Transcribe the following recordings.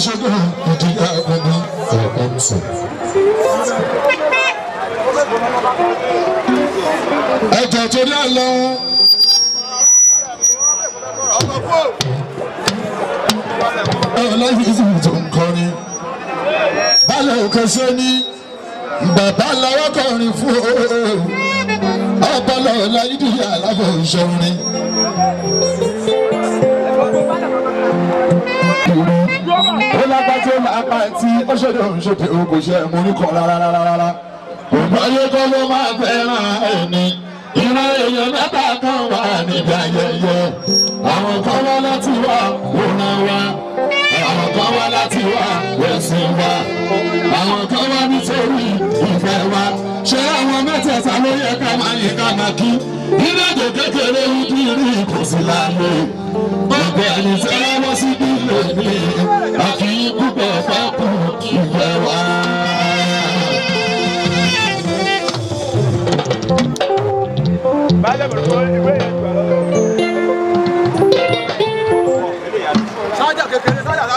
ṣogbọn ìdíyà ogun ọ̀gbọ́n tù. ẹ̀jẹ̀ torí àlọ́. ọlọ́yìn tó ń kọrin balẹ̀ òkè sẹ́ni bàbá làwọn kọrin fún ọ̀pọ̀lọpọ̀ ọ̀la ìdíyà alábọ̀ ìṣọ̀rin ó lágbájá máa pa ẹtí ó ṣèdè òun ṣèdè òun kò ṣe ẹ̀mú oníkọ̀ rárá rárá. ògbáyé kọ́ ló máa fẹ́ràn ẹni ìran èèyàn mẹ́ta kan wà níbi ayẹyẹ àwọn kan wá láti wá wòran wa àwọn kan wá láti wá ẹ̀sìn wa àwọn kan wá nítorí ìfẹ́ wa ṣé àwọn mẹ́tẹ̀ẹ̀ta ló yẹ ká máa yìn ká máa kí nínú ètò kékeré ń bí rí kò sí láàyè gbogbo ẹni tí wọ́n wọ́n sí bí lèmi àti púpọ̀ pápú ìfẹ́ wa. Báyọ̀ bẹ̀rẹ̀ fún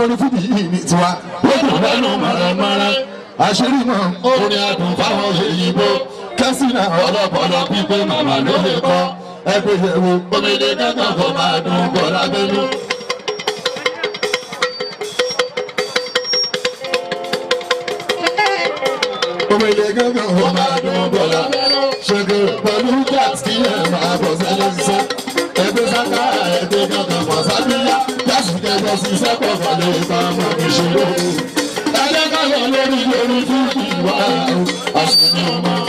olórin fújì yìí ní tiwa. ó dùn lẹ́nu mọ̀rẹ́mọ́rẹ́ àṣírí mọ̀ orin adùn fáwọn òyìnbó kẹ́sìnà ọlọ́pọ̀lọ́ pípé màmá ló lè kọ́ ẹgbẹ́ ìyẹ̀wò omele kankan kò máa dùn kọ́ lábẹ́nu. omele kankan kò máa dùn kọ́ lábẹ́nu. ṣègbè pẹ̀lú gas kí ẹ máa bọ̀ sẹ́lẹ̀ sẹ́ ẹgbẹ́ sáká ẹgbẹ́ lọ sí sẹ́pọ̀ balẹ̀ ìpamọ́ ìṣòro. ẹ jẹ́ ká lọ lórí lórí fún ìwà àṣìyàn ọmọ.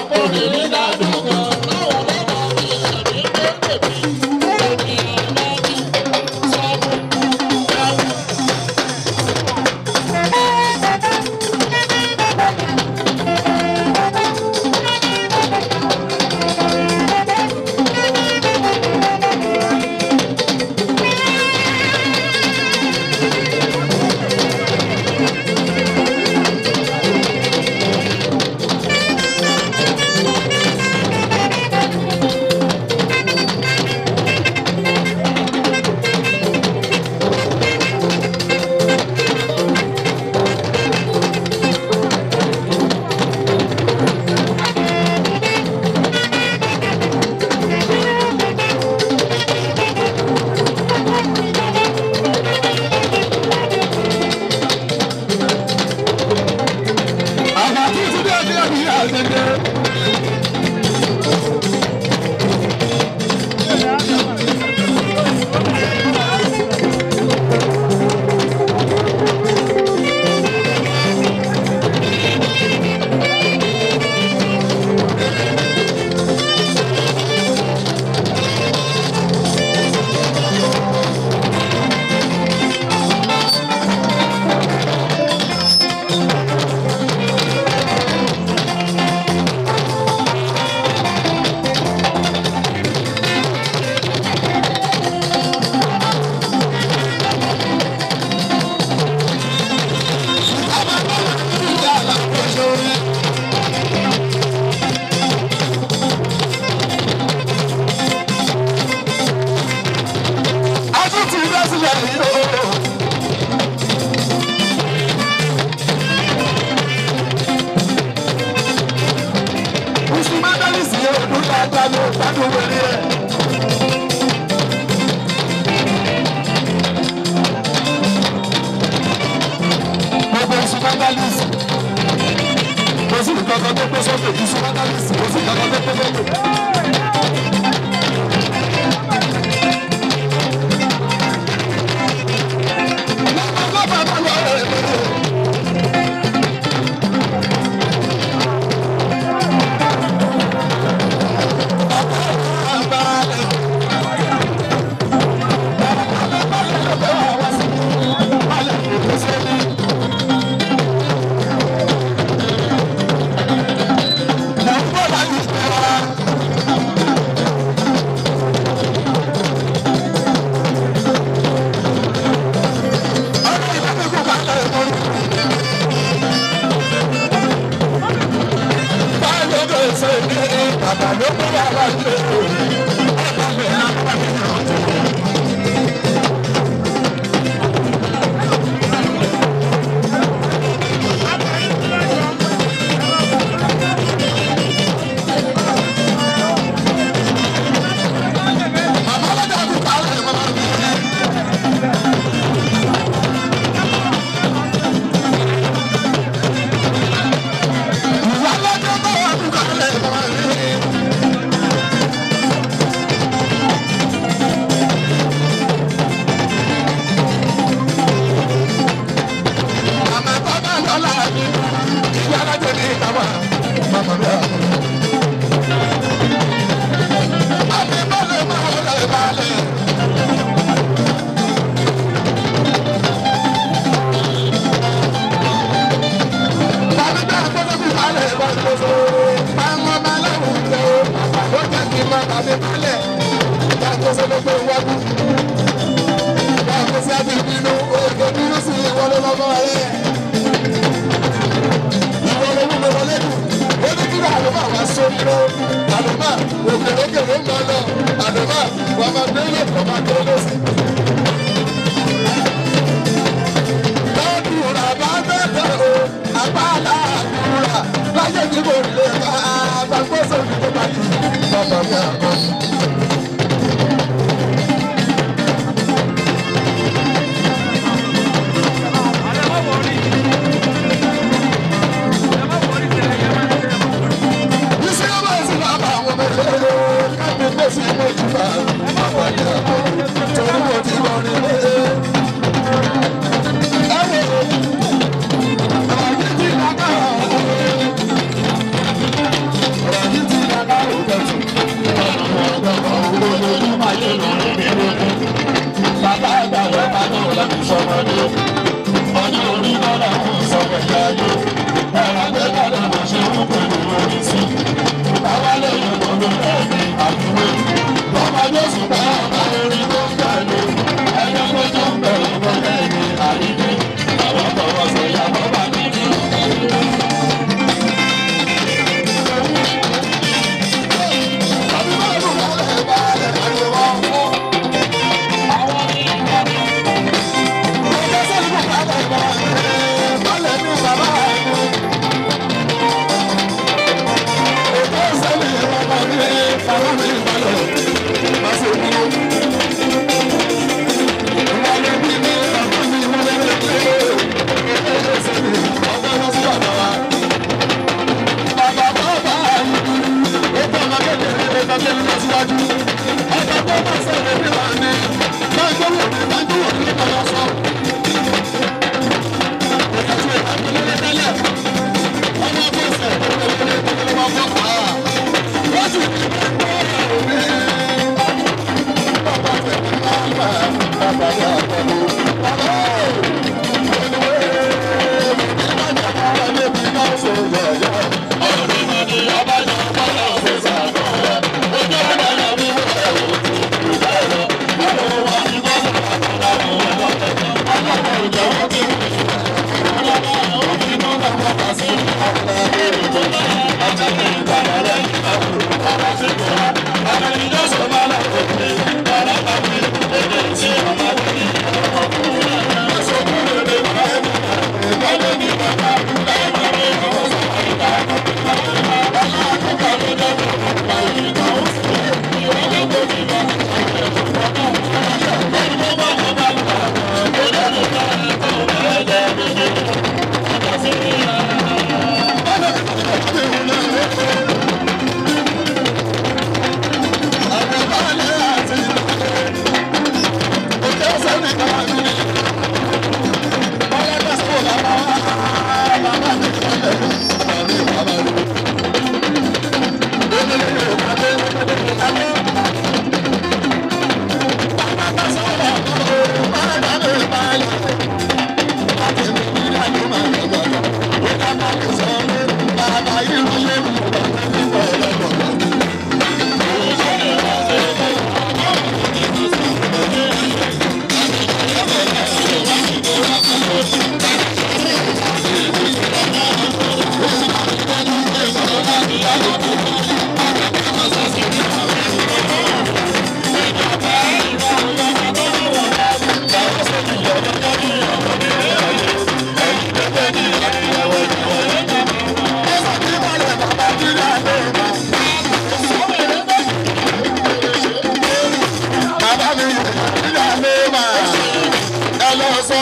Thank you.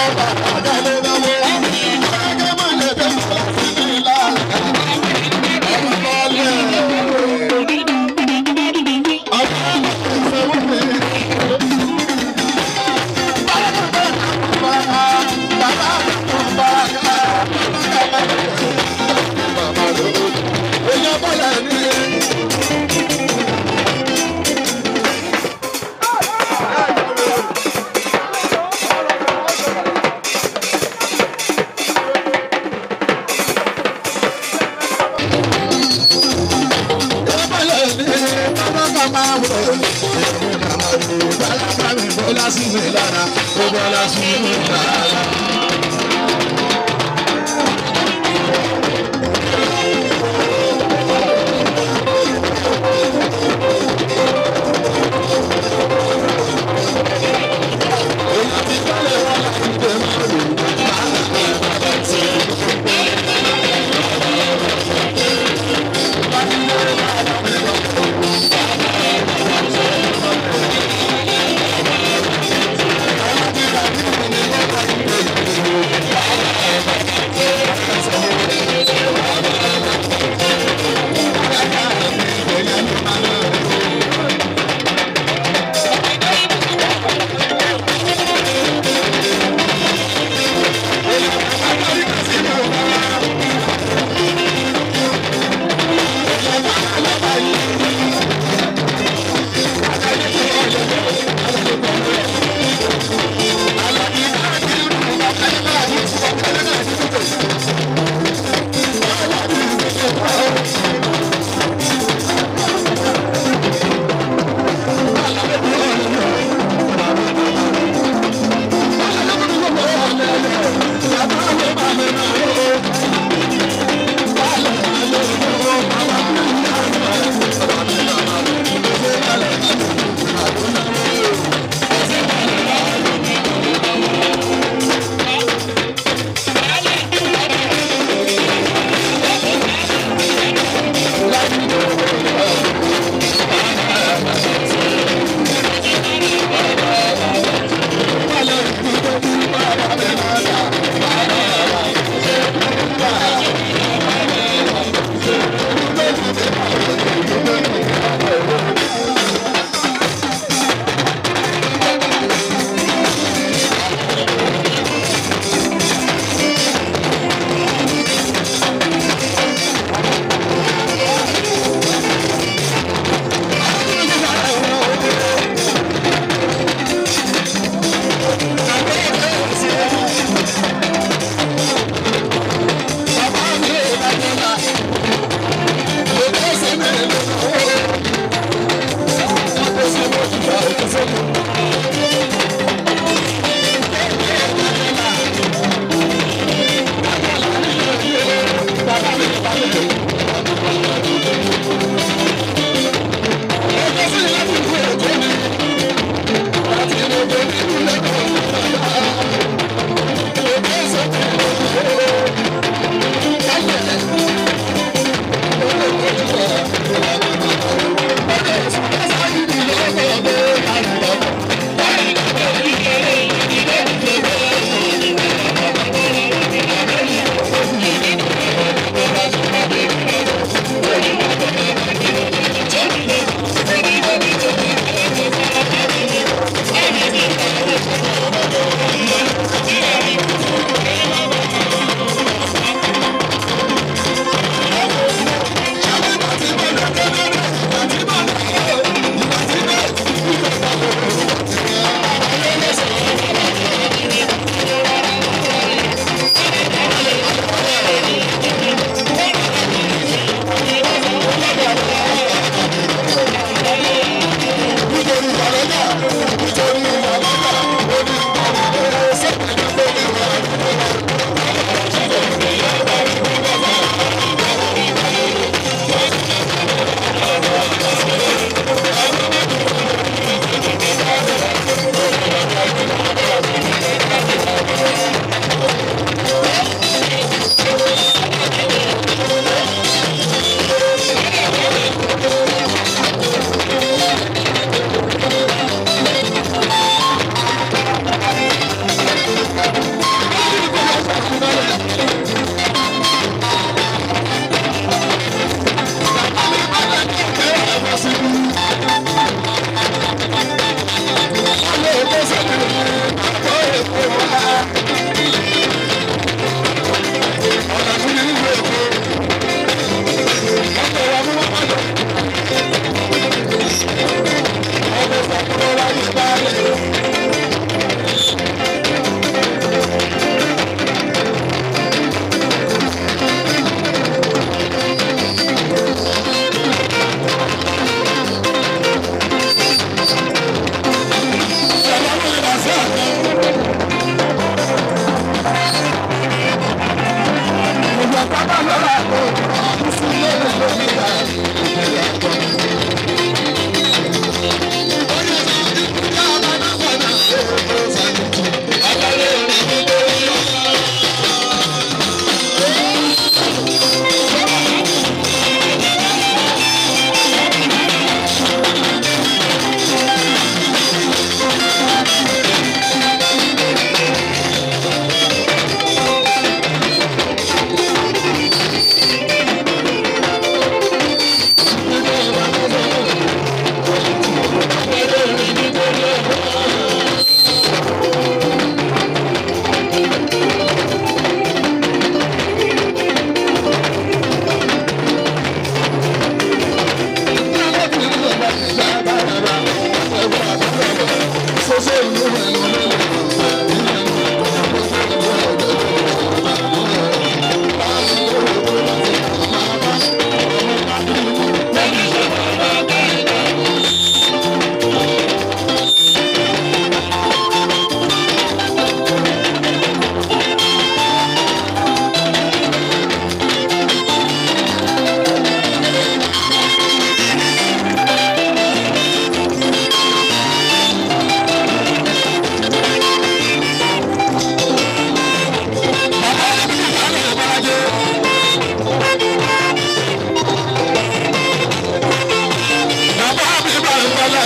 forever.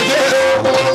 Yeah.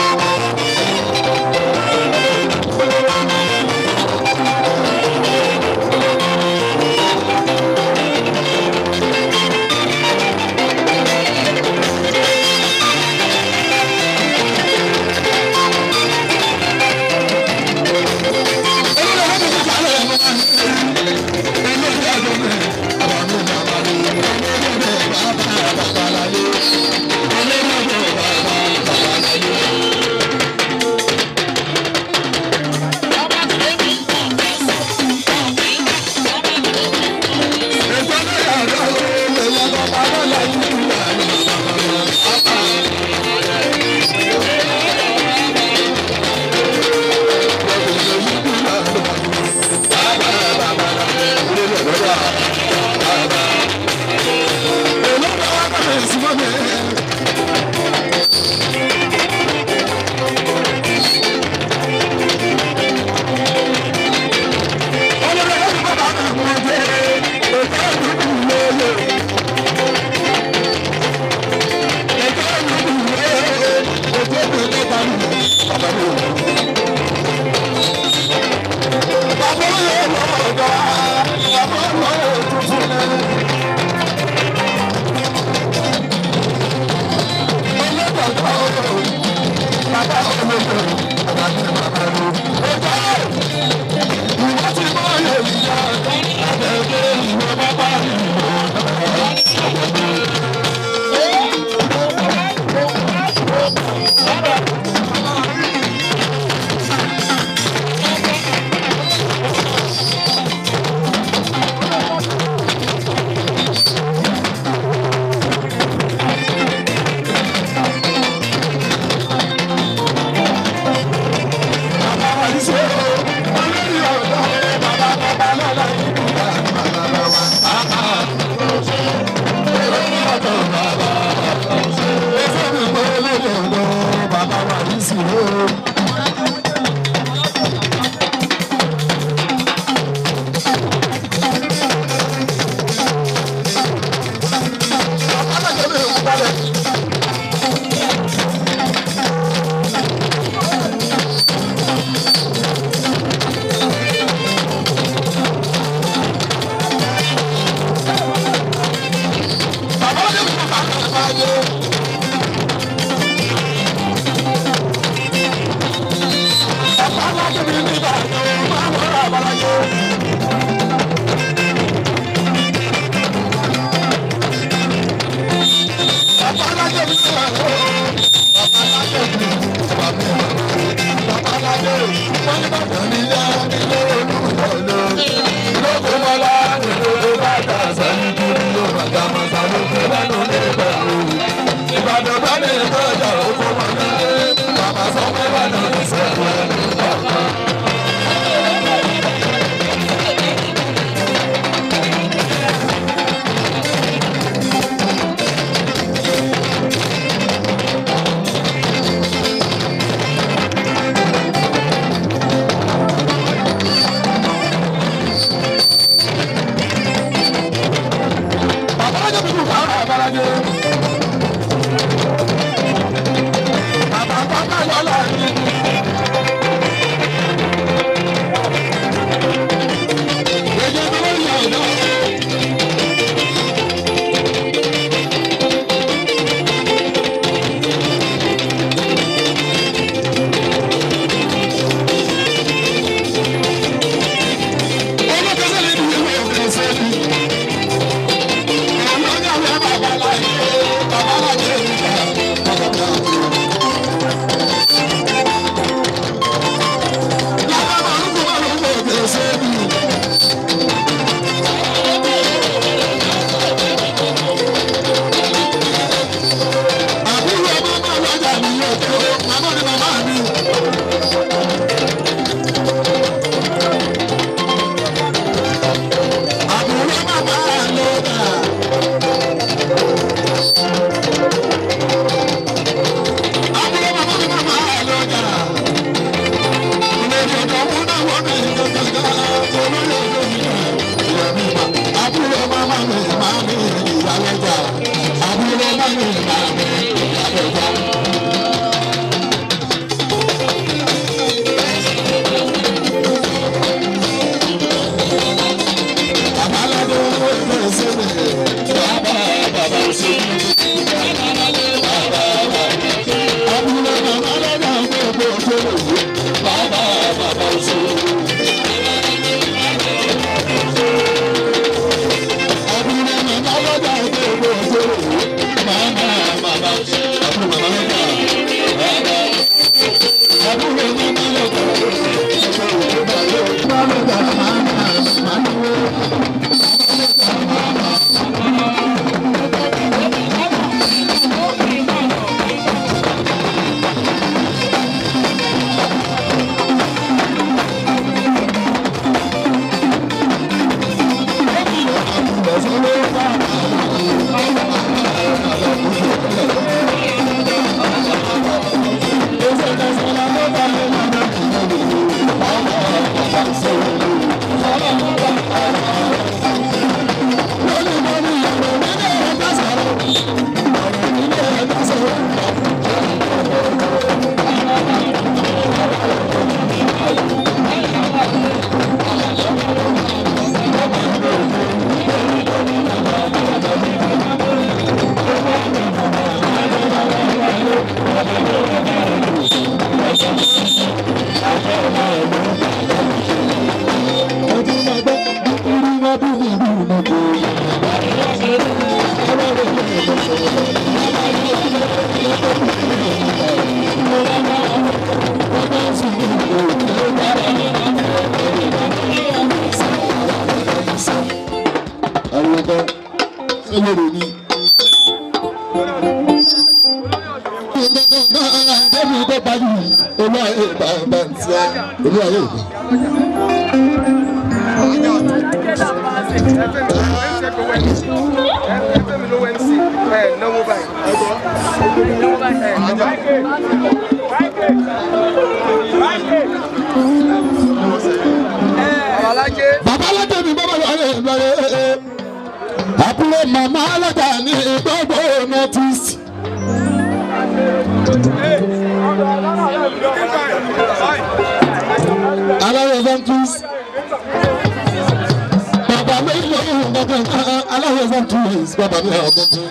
aláwọ̀ ẹ̀fọ́ tu ìsìnkú àbàmì àwọn tuntun.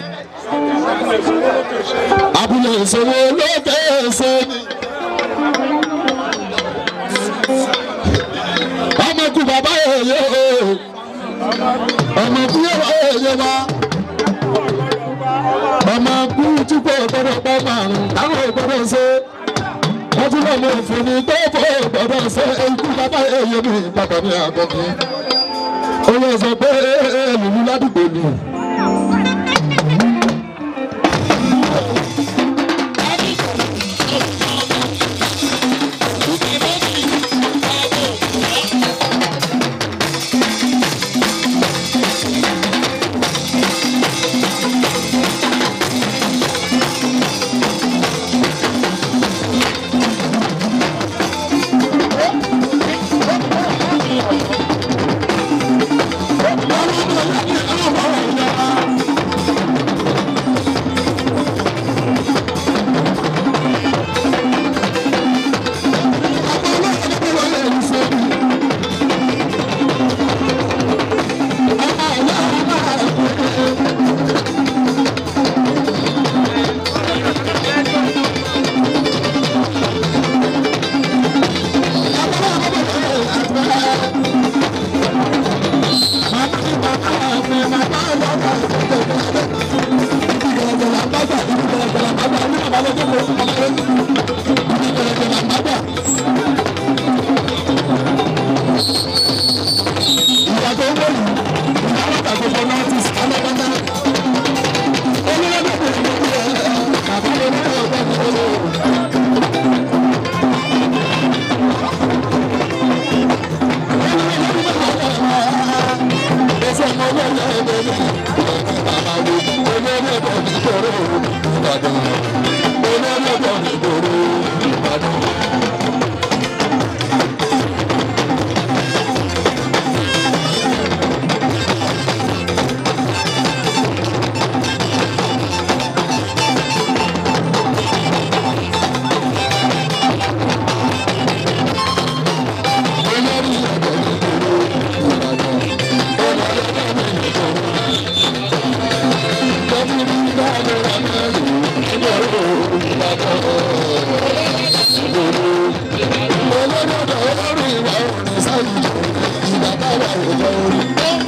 abúlé ìṣòwò lókè èso ni. ọmọ ikú bàbá òye o ọmọ ikú òye wa ọmọ ikú tí kò gbọdọ̀ pọ̀ màrún táwọn ò gbọdọ̀ ṣe wọ́n tún òfin ní tó fọ́ gbọdọ̀ ṣe ikú bàbá òye mi bàbá mi àgbọ̀n mi ó yẹ sọ pé èlùmú ládùúgbò ni. ìjọba ìjọba wà lọ́wọ́ orí.